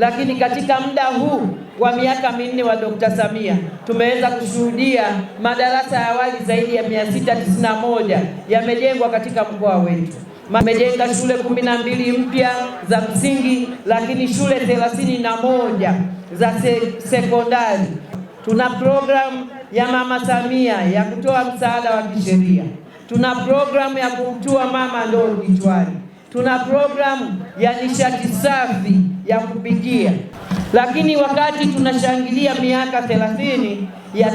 Lakini katika muda huu wa miaka minne wa Dr. Samia tumeweza kushuhudia madarasa ya awali zaidi ya 691 yamejengwa katika mkoa wetu. Mamejenga shule kumi na mbili mpya za msingi, lakini shule thelathini na moja za sekondari. Tuna programu ya Mama Samia ya kutoa msaada wa kisheria, tuna programu ya kumtua mama ndoo kichwani, tuna programu ya nishati safi ya kupigia Lakini wakati tunashangilia miaka 30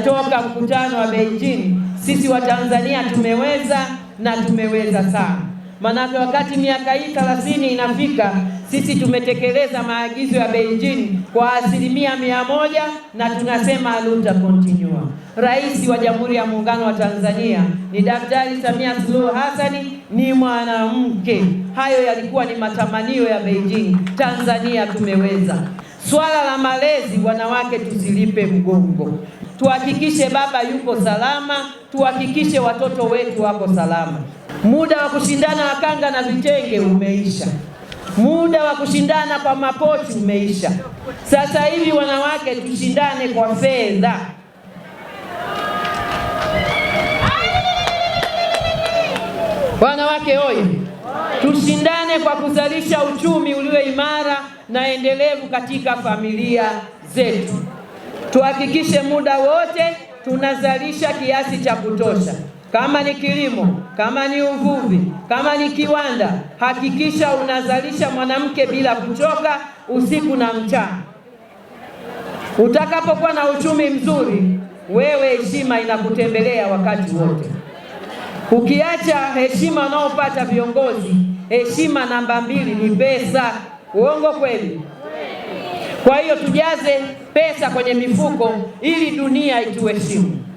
toka mkutano wa Beijing, sisi wa tanzania tumeweza na tumeweza sana. Maanake wakati miaka hii 30 inafika, sisi tumetekeleza maagizo ya Beijing kwa asilimia mia moja na tunasema aluta continua. Rais wa Jamhuri ya Muungano wa Tanzania ni Daktari Samia Suluhu Hassani, ni mwanamke. Hayo yalikuwa ni matamanio ya Beijing. Tanzania tumeweza. Swala la malezi, wanawake tusilipe mgongo, tuhakikishe baba yuko salama, tuhakikishe watoto wetu wako salama. Muda wa kushindana kanga na vitenge umeisha. Muda wa kushindana kwa mapochi umeisha. Sasa hivi wanawake tushindane kwa fedha. Wanawake oye! Tushindane kwa kuzalisha uchumi ulio imara na endelevu katika familia zetu. Tuhakikishe muda wote tunazalisha kiasi cha kutosha. Kama ni kilimo, kama ni uvuvi, kama ni kiwanda, hakikisha unazalisha mwanamke bila kuchoka, usiku na mchana. Utakapokuwa na uchumi mzuri, wewe heshima inakutembelea wakati wote. Ukiacha heshima unaopata viongozi, heshima namba mbili ni pesa. Uongo kweli? Kwa hiyo tujaze pesa kwenye mifuko ili dunia ituheshimu.